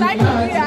来。